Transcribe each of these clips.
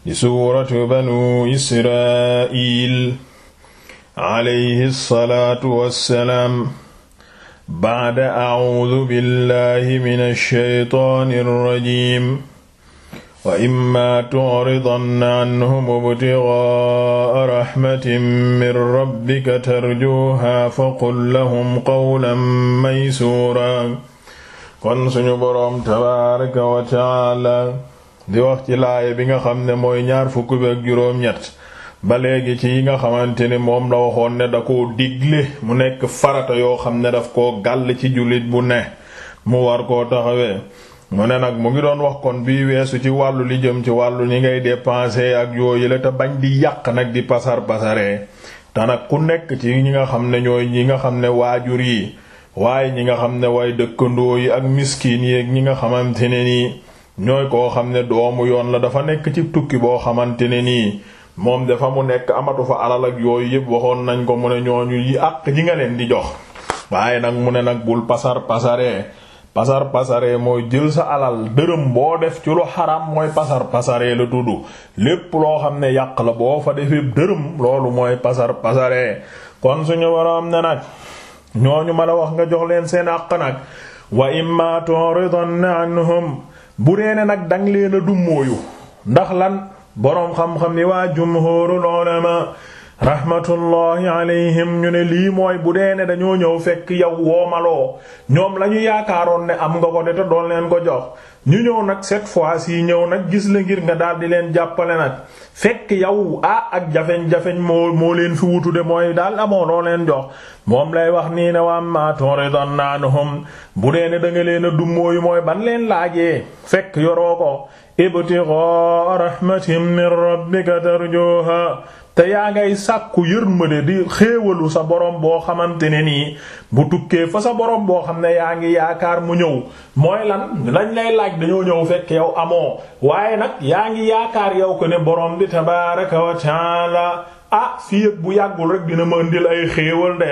di suuratu banu israil alayhi lsalaatu wassalaam bacda acuudu billahi min alsheytaan alrajim wa imma tucridanna canhum ibtigaa raxmatin min rabbika tarjuuha faqul lahum qawlan maysuura kon suñu boroom tabaaraka wa tacaala di wax ci laaya bi nga xam ne mooy ñaar fukk bi ak juróom-ñett ba léegi ci yi nga xamante ni moom la waxoon ne da koo digle mu nekk farata yoo xam ne daf ko gàll ci jullit bu ne mu war koo taxawee mu ne nag mu ngi doon wax kon bii weesu ci wàllu li jëm ci wàllu ñi ngay dépenser ak yooyu la te bañ di yàq nag di pasar pasaree te nag ku nekk ci ñi nga xam ne ñooy ñi nga xam ne waajur yi waaye ñi nga xam ne way dëkkandoo yi ak miskin yi ñi nga xamante ne nii ñooy koo xam ne doomu yoon la dafa nekk ci tukki boo xamante ne nii moom dafa mu nekk amatu fa alal ak yooyu yëpp waxoon nañ ko mu ne ñooñu yi àq ji nga leen di jox waaye nag mu ne nag bul pasar pasaree pasar pasaree mooy jël sa alal dërëm boo def ci lu xaram mooy pasar pasaree la tudd lépp loo xam ne yàq la boo fa defee dërëm loolu mooy pasar pasaree kon suñu waroom ne nag ñooñu ma la wax nga jox leen seen àq nag wa imma turidanna anhum bu dee ne nag danga leen a dummóoyu ndax lan boroom xam-xam ni waa jumhuurul ma rahmatullahi alayhim ñu ne lii mooy bu dee ne dañoo ñëw fekk yow maloo ñoom la yaakaaroon ne am nga ko de te doon leen ko jox ñu ñëw nag set fois yi ñëw nag gis la ngir nga daal di leen jàppale nag fekk yow ah ak jafeñ-jafeñ moo moo leen fi wutu de mooy daal amoo loo leen jox moom lay wax nii ne waa maatoore doon naanhum bu dee ne da nga leen a dummóoyu mooy ban leen laajee fekk yoroo ko ibtigha rahmatin min rabbika tarjuha te yaa ngay sàkku yërmande di xéewalu sa borom boo xamante ne nii bu tukkee fa sa borom boo xam ne yaa ngi yaakaar mu ñëw mooy lan lañ lay laaj dañoo ñëw fekk yow amoo waaye nag yaa ngi yaakaar yow ko ne borom bi tabaaraka wa la ah fii bu yàggul rek dina ma indil ay xéewal de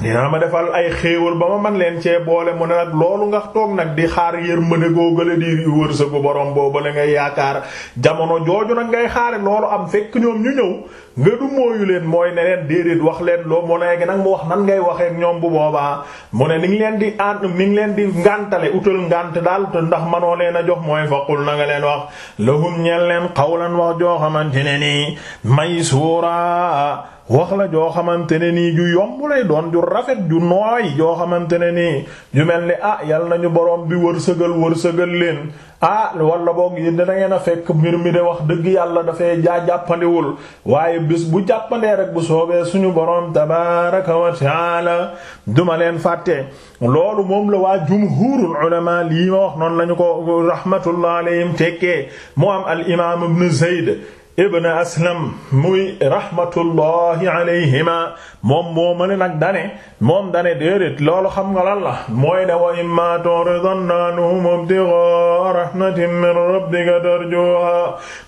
dinaa ma defal ay xéewal ba ma man leen cee boole mu ne nag loolu nga toog nag di xaar yërmande góogale di wërsëgu borom boobu la nga yaakaar jamono jooju nag ngay xaare loolu am fekk ñoom ñu ñëw nga du mooyu leen mooy ne leen déedéet wax leen loo mu léegi nag mu wax nan ngay waxee ak ñoom bu boobaa mu ne ni leen di ànd ni leen di ngàntale utal ngànt daal te ndax manoo leen a jox mooy faqul na nga leen wax lahum ñeel leen qawlan wax joo xamante ne nii may suura wax la joo xamante ne nii ju yomb lay doon ju rafet ju nooy joo xamante ne nii ju mel ni ah yal nañu borom bi wërsëgal wërsëgal leen ah walla boog yéen dana ngeen a fekk mbir mi de wax dëgg yàlla dafay jaa jàppandiwul waaye bis bu jàppandee rek bu soobee suñu borom tabaaraka wa taala duma leen fàtte loolu moom la waa jumhuurul ulamaa lii ma wax noonu lañu ko rahmatullah alayhim tekkee mu am al imaam ibn Zayd ibn aslam muy rahmatullahi alayhima moom moo ma ne nag dane moom dane déedéet loolu xam nga lan la mooy ne wa imma turidanna anhum ibtigha rahmatin min rabbika tarjuha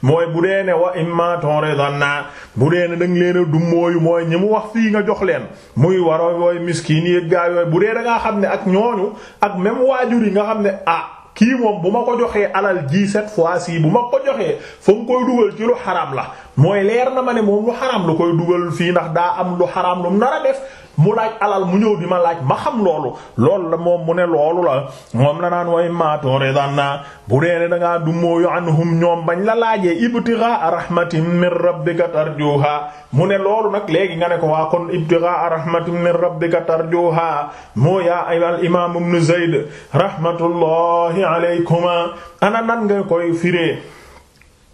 mooy bu dee ne wa imma turidanna bu dee ne danga leen a dummóoyu mooy ñi mu wax fii nga jox leen muy waro yooy miskiin yi bu dee da ngaa xam ne ak ñooñu ak même waajur yi nga xam ne ah kii moom bu ma ko joxee alal ji cette fois-ci bu ma ko joxee fa koy dugal ci lu xaram la mooy leer na ma ne moom lu xaram lu koy dugal fii ndax daa am lu xaram lu mu nar a def mu laaj alal mu ñëw di ma laaj ma xam loolu lool la moom mu ne loolu la moom la naan way maatoore daan naa bu deene da du mooyu anhum ñoom bañ la laajee ibtiraa rahmatin min rabbika tarjuha mu ne loolu nag léegi nga ne ko waa kon ibtiraa rahmatin min rabbika tarjuha moo yaa al imam zayd rahmatullahi alaykuma ana nan nga koy firee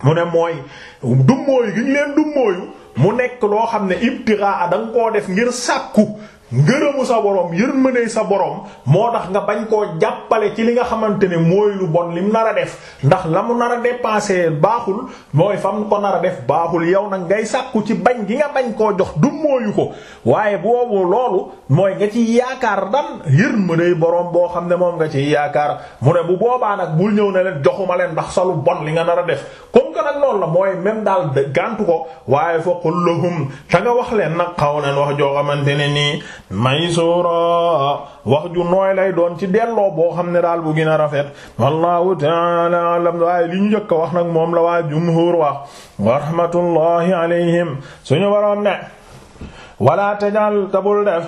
mu ne mooy dummóoyu gi ñu leen dummóoyu mu nekk loo xam ne ibtiraa da nga koo def ngir sàkku ngërëmu sa borom yërmande sa boroom moo tax nga bañ koo jàppale ci li nga xamante ne mooy lu bon li mu nar a def ndax la mu nar a dépensé baaxul mooy fam ko nar a def baaxul yow nag ngay sàkku ci bañ gi nga bañ koo jox du mooyu ko waaye boobu loolu mooy nga ci yaakaar dan yërmande borom boo xam ne moom nga ci yaakaar mu ne bu boobaa nag bul ñëw ne leen joxuma leen ndax sa lu bon li nga nar a def comme que nag loolu la mooy même daal gàntu ko waaye fa qul wax leen nag xaw nañ wax joo xamante ne nii maysura wax ju noy lay doon ci delloo boo xam ne daal bu gën a rafet wallahu ta'ala alam waaye li ñu njëkk wax nag moom la waa jumhur wax wa rahmatullahi alayhim suñu waroon ne wala tajal tabul def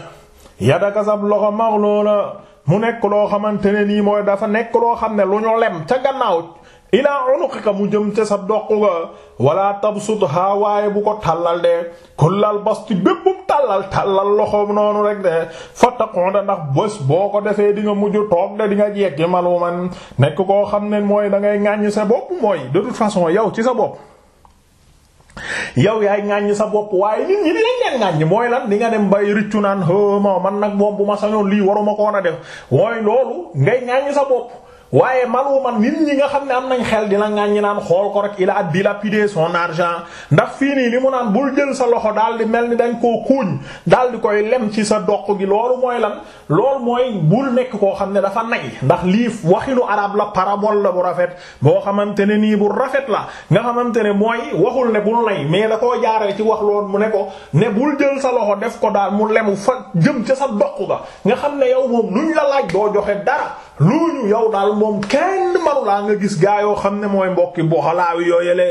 yadaka sab loxo maghluula mu nekk loo xamante ne nii mooy dafa nekk loo xam ne lu ñu lem ca gannaaw ilaa unuqika mu jëm ca sa doq ga wala tabsutha waaye bu ko tàllal de kullal basti béppum tàllal tàllal loxoom noonu rek de fa taqonda ndax bés boo ko defee di nga mujj toog de di nga jekki maluman nekk koo xam ne mooy dangay ngay sa bopp mooy de toute façon yow ci sa bopp yow yaay ŋàññ sa bopp waaye nit ñi dinañ leen mooy lan dinga dem bay riccu naan hë man nag moom bu ma sañoon lii waruma koon a def mooy loolu ngay ŋàññ sa bopp waaye maluman nit ñi nga xam ne am nañ xel dina ŋàññi naan xool rek il a dilapidé son argent ndax fii nii li mu naan bul jël sa loxo daal di mel ni dañ koo kuuñ daal di koy lem ci sa doq gi loolu mooy lan loolu mooy bul nekk koo xam ne dafa nay ndax lii waxinu arab la parabole la bu rafet boo xamante ne nii bu rafet la nga xamante ne mooy waxul ne bul nay mais da koo jaaree ci wax loolu mu ne ko ne bul jël sa loxo def ko daal mu lemu fa jëm ca sa doq ga nga xam ne yow moom luñ la laaj doo joxe dara luñu yow daal moom kenn manulaa nga gis gaa yoo xam ne mooy mbokki boxalaawi yooyele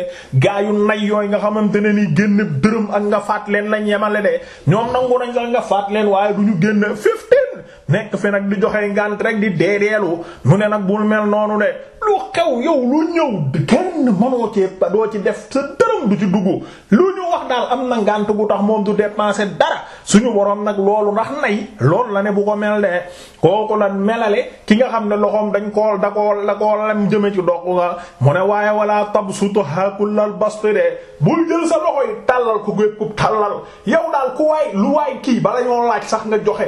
gaa yu nay yooy nga xamante ne ni génn dërëm ak nga faat leen lañ yemale de ñoom nangu nañ la nga faat leen waaye du ñu génn fifty nekk fi nag di joxe ngànt rek di deedeelu mu ne nag bul mel noonu de lu xew yow lu ñëw kenn mënoo ci ba doo ci def sa dërëm du ci dugg lu ñu wax daal am na ngant bu tax moom du dépenser dara suñu borom nag loolu ndax nay loolu la ne bu ko mel de kooku la melale ki nga xam ne loxoom dañ koo da koo la koo lem jëme ci dox nga mu ne waaye wala tabsutuha kullal bast de bul jël sa loxo yi tàllal ku gépp tàllal yow daal ku waay lu waay kii bala ñoo laaj sax nga joxe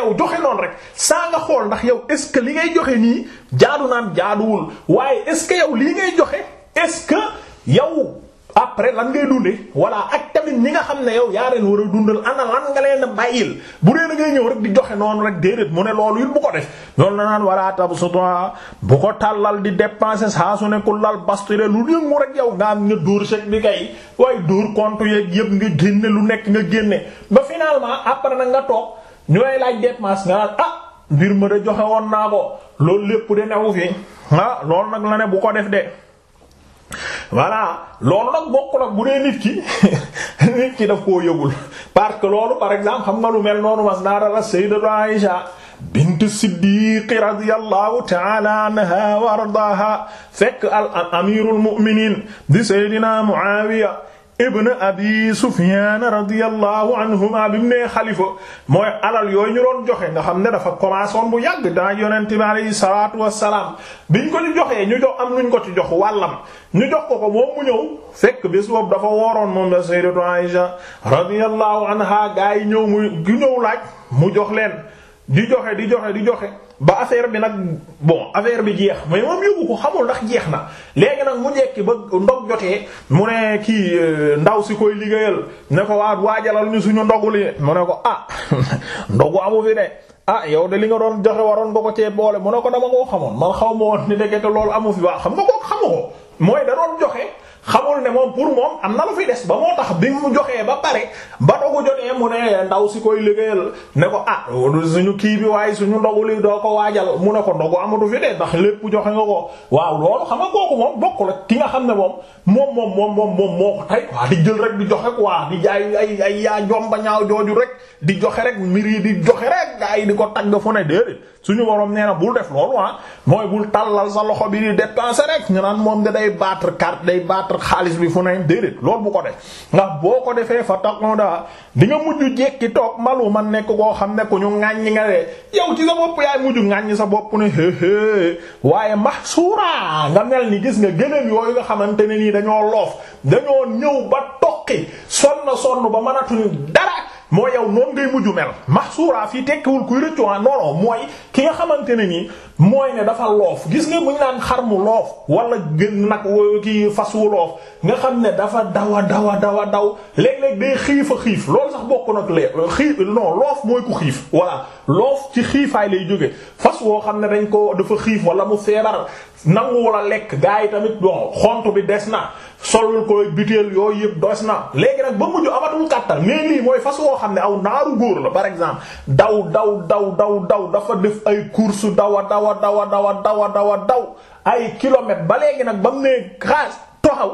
yow joxe noonu rek saa nga xool ndax yow est ce que li ngay joxe nii jaadu naan jaaduwul waaye est ce que yow lii ngay joxe est ce que yow après lan ngay dunde voilà ak tamit ñi nga xam ne yow yaa leen war a dundal ana lan nga leen bàyyil bu dee da ngay ñëw rek di joxe noonu rek déedéet mu ne loolu it bu ko def la naan wala tabsutu bu ko tàllal di dépenser saa su nekkul lal bastire lu yëngu rek yow nga am nga dóor chèque bi kay waaye dóor compte yeeg yëpp nga génne lu nekk nga génne ba finalement après nag nga toog. ñu lay laaj dépense nga naan ah mbir ma da joxe woon naa ko loolu lépp de newu fi ah loolu nag la ne bu ko def de voilà loolu nag bokkul ak bu dee nit ki daf koo yëgul parce que loolu par exemple xam nga lu mel noonu mas naa dara Sayyidatu Aïsha bint siddiqi radiyallahu taala anha wa ardaha fekk al amirul mu'minin di Sayyidina Muawiya ibn abi sufyan radiyallahu anhuma bi mu xalifa mooy alal yooyu ñu doon joxe nga xam ne dafa commencé bu yàgg daa yonente bi alayhi salaatu wassalaam biñ ko ñu joxee ñu jox am nuñ ko ci jox wàllam ñu jox ko ko moom mu ñëw fekk bis boobu dafa wooroon moom la sayyidatu aisha radiyallahu anha gaa yi ñëw mu ñëw laaj mu jox leen di joxe di joxe di joxe ba affaire bi nag bon affaire bi jeex mais moom yóbbu ko xamul ndax jeex na léegi nag mu njekki ba ndog jotee mu ne kii euh, ndaw si koy liggéeyal ne ko waat waajalal ñu suñu ndogu li mu ne ko ah ndogu amu fi de ah yow de li nga doon joxe waroon nga ko cee boole mu ne ko dama koo xamoon man xaw ma woon ni ndekete loolu amu fi waa xam nga ko xamu ko mooy da joxe xamul ne moom pour moom am na lu fi des ba moo tax bi mu joxee ba pare ba dogu jotee mu ne ndaw si koy liggéeyal ne ko ah ñu kii bi waaye suñu ndogu li doo ko waajal mu ne ko ndogu amatu fi de ndax lépp joxe nga ko waaw loolu xam nga kooku moom bokk ki nga xam ne moom moom moom moom moom moom moo di jël rek di joxe quoi ay ay yaa jomba ñaaw rek di joxe rek mbir yi di joxe rek gaa ay di ko tagg fu ne déedéet suñu borom nee na bul def loolu ah mooy bul tàllal sa loxo bi di dépenser rek ñu naan moom da day battre carte day battre xaalis bi fu ne déedéet loolu bu ko def ndax boo ko defee fa taxon daa di nga mujj jekki toog malu man nekk koo xam ne ku ñu ŋàññi nga de yow ci sa bopp yaay mujj ŋàññi sa bopp ne héhé waaye mahsuura nga mel ni gis nga gëléem yooyu nga xamante ne nii dañoo loof dañoo ñëw ba toqi sonn sonn ba mënatuñu dara moo yow noonu ngay mujju mel mahsura fii tekkiwul kuy rëccu ah non mooy ki nga xamante ne nii mooy ne dafa loof gis nga bu ñu xar mu loof wala gën nag ki fas nga xam ne dafa dawa dawa dawa daw léeg-léeg day xiif a xiif loolu sax bokk nag lee xiif non loof mooy ku xiif voilà loof ci xiifaay lay jóge fas woo xam ne dañ ko dafa xiif wala mu feebar nangu wala lekk gaa yi tamit bon xont bi des na solul ko butéel yooyu yëpp doos na léegi nag ba mujj amatul kàttan mais lii mooy fas woo xam ne aw naaru góor la par exemple daw daw daw daw daw dafa def ay course dawa dawa dawa dawa dawa dawa daw ay kilomètres ba léegi nag ba mu nee xaas toxaw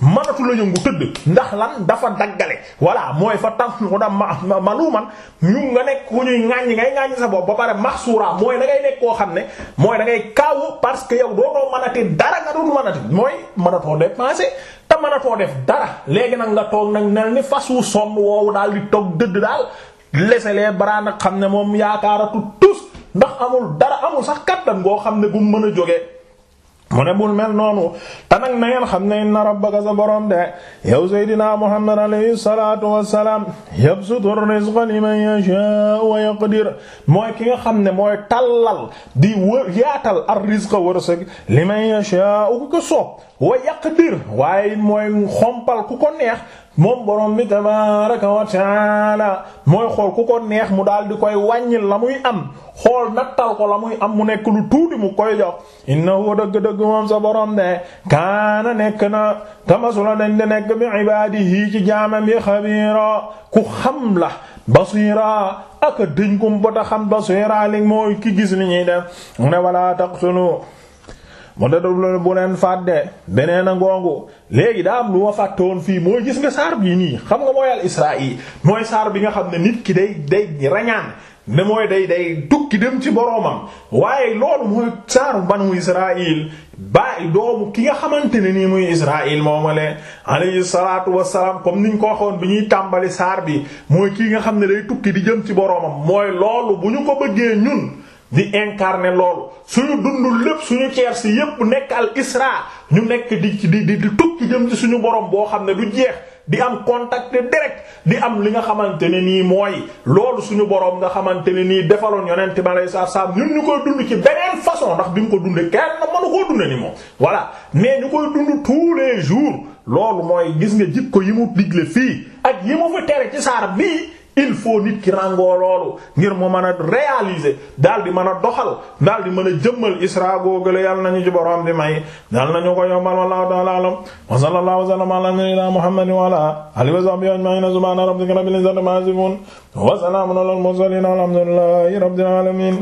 manatu la yëngu tëdd ndax lan dafa daggale voilà mooy fa tam mu man ma maluman ñu nga nekk ku ñuy ŋàññi ngay ŋàññi sa bopp ba pare maxsuura mooy da ngay koo xam ne mooy da ngay kaawu parce que yow doo doo manati dara nga dul manati mooy manatoo dépenser te manatoo def dara léegi nag nga toog nag nel ni fas wu sonn woowu daal di toog dëdd daal laisser les bras nag xam ne moom yaakaaratu tus ndax amul dara amul sax kattan goo xam ne bu mën a jógee mu ne bul mel noonu te nag na xam ne inna rabbaka sa borom de yow seydinaa muhammad alayhi salaatu wassalaam yabsutu rizqa liman yashaa wa yaqdir mooy ki nga xam ne mooy tallal di wër yaatal ar rizqa wërsëg liman yashaa ku ko soob wa yaqdir waaye mooy xompal ku ko neex moom borom mi tabaaraka wa mooy xool ku ko neex mu daal di koy wàññil la muy am xool nattal ko la muy am mu nekk lu tuuti mu koy jox innahu dëgg-dëgg moom sa borom de kaana nekk na tamasula dañ de nekk bi ibaadihi ci jaamam yi xabiira ku xam la basiira ak dëñ kum bota xam basiira li mooy ki gis li ñuy def mu ne wala taqtulu mu ne dul bu leen fàtte beneen a ngongu léegi daa am lu ma fàtte woon fii mooy gis nga saar bii nii xam nga mooy al Israaï mooy saar bi nga xam ne nit ki day day rañaan ne mooy day day tukki dem ci boroomam waaye loolu mooy saaru banu Israaïl baay doomu ki nga xamante ne nii muy Israaïl moomale alayhi salaatu wassalaam comme niñ ko waxoon bi ñuy tàmbali saar bi mooy ki nga xam ne day tukki di jëm ci boroomam mooy loolu bu ñu ko bëggee ñun. di incarner loolu suñu dund lépp suñu ceer si yépp nekk al isra ñu nekk di ci di di tukki jëm ci suñu borom boo xam ne du jeex di am contact direct di am li nga xamante ne nii mooy loolu suñu borom nga xamante ne nii defaloon yonent bi alayhi salaam ñun ñu koy dund ci beneen façon ndax bi mu ko dundee kenn mënu koo dundee ni moom voilà mais ñu koy dund tous les jours loolu mooy gis nga jikko yi mu digle fii ak yi mu fa tere ci saara bii il faut nit ngir mu mën a réaliser daal di mën a doxal dal di mën a jëmmal isra googale yàlla nañu ci borom bi may daal nañu ko yombal wallahu ta'ala alam wa sallallahu wa sallama ala nabiyyina muhammadin wa ala alihi wa sahbihi ajma'in subhana rabbika rabbil izzati amma yasifun wa salamun alal mursalin walhamdulillahi rabbil alamin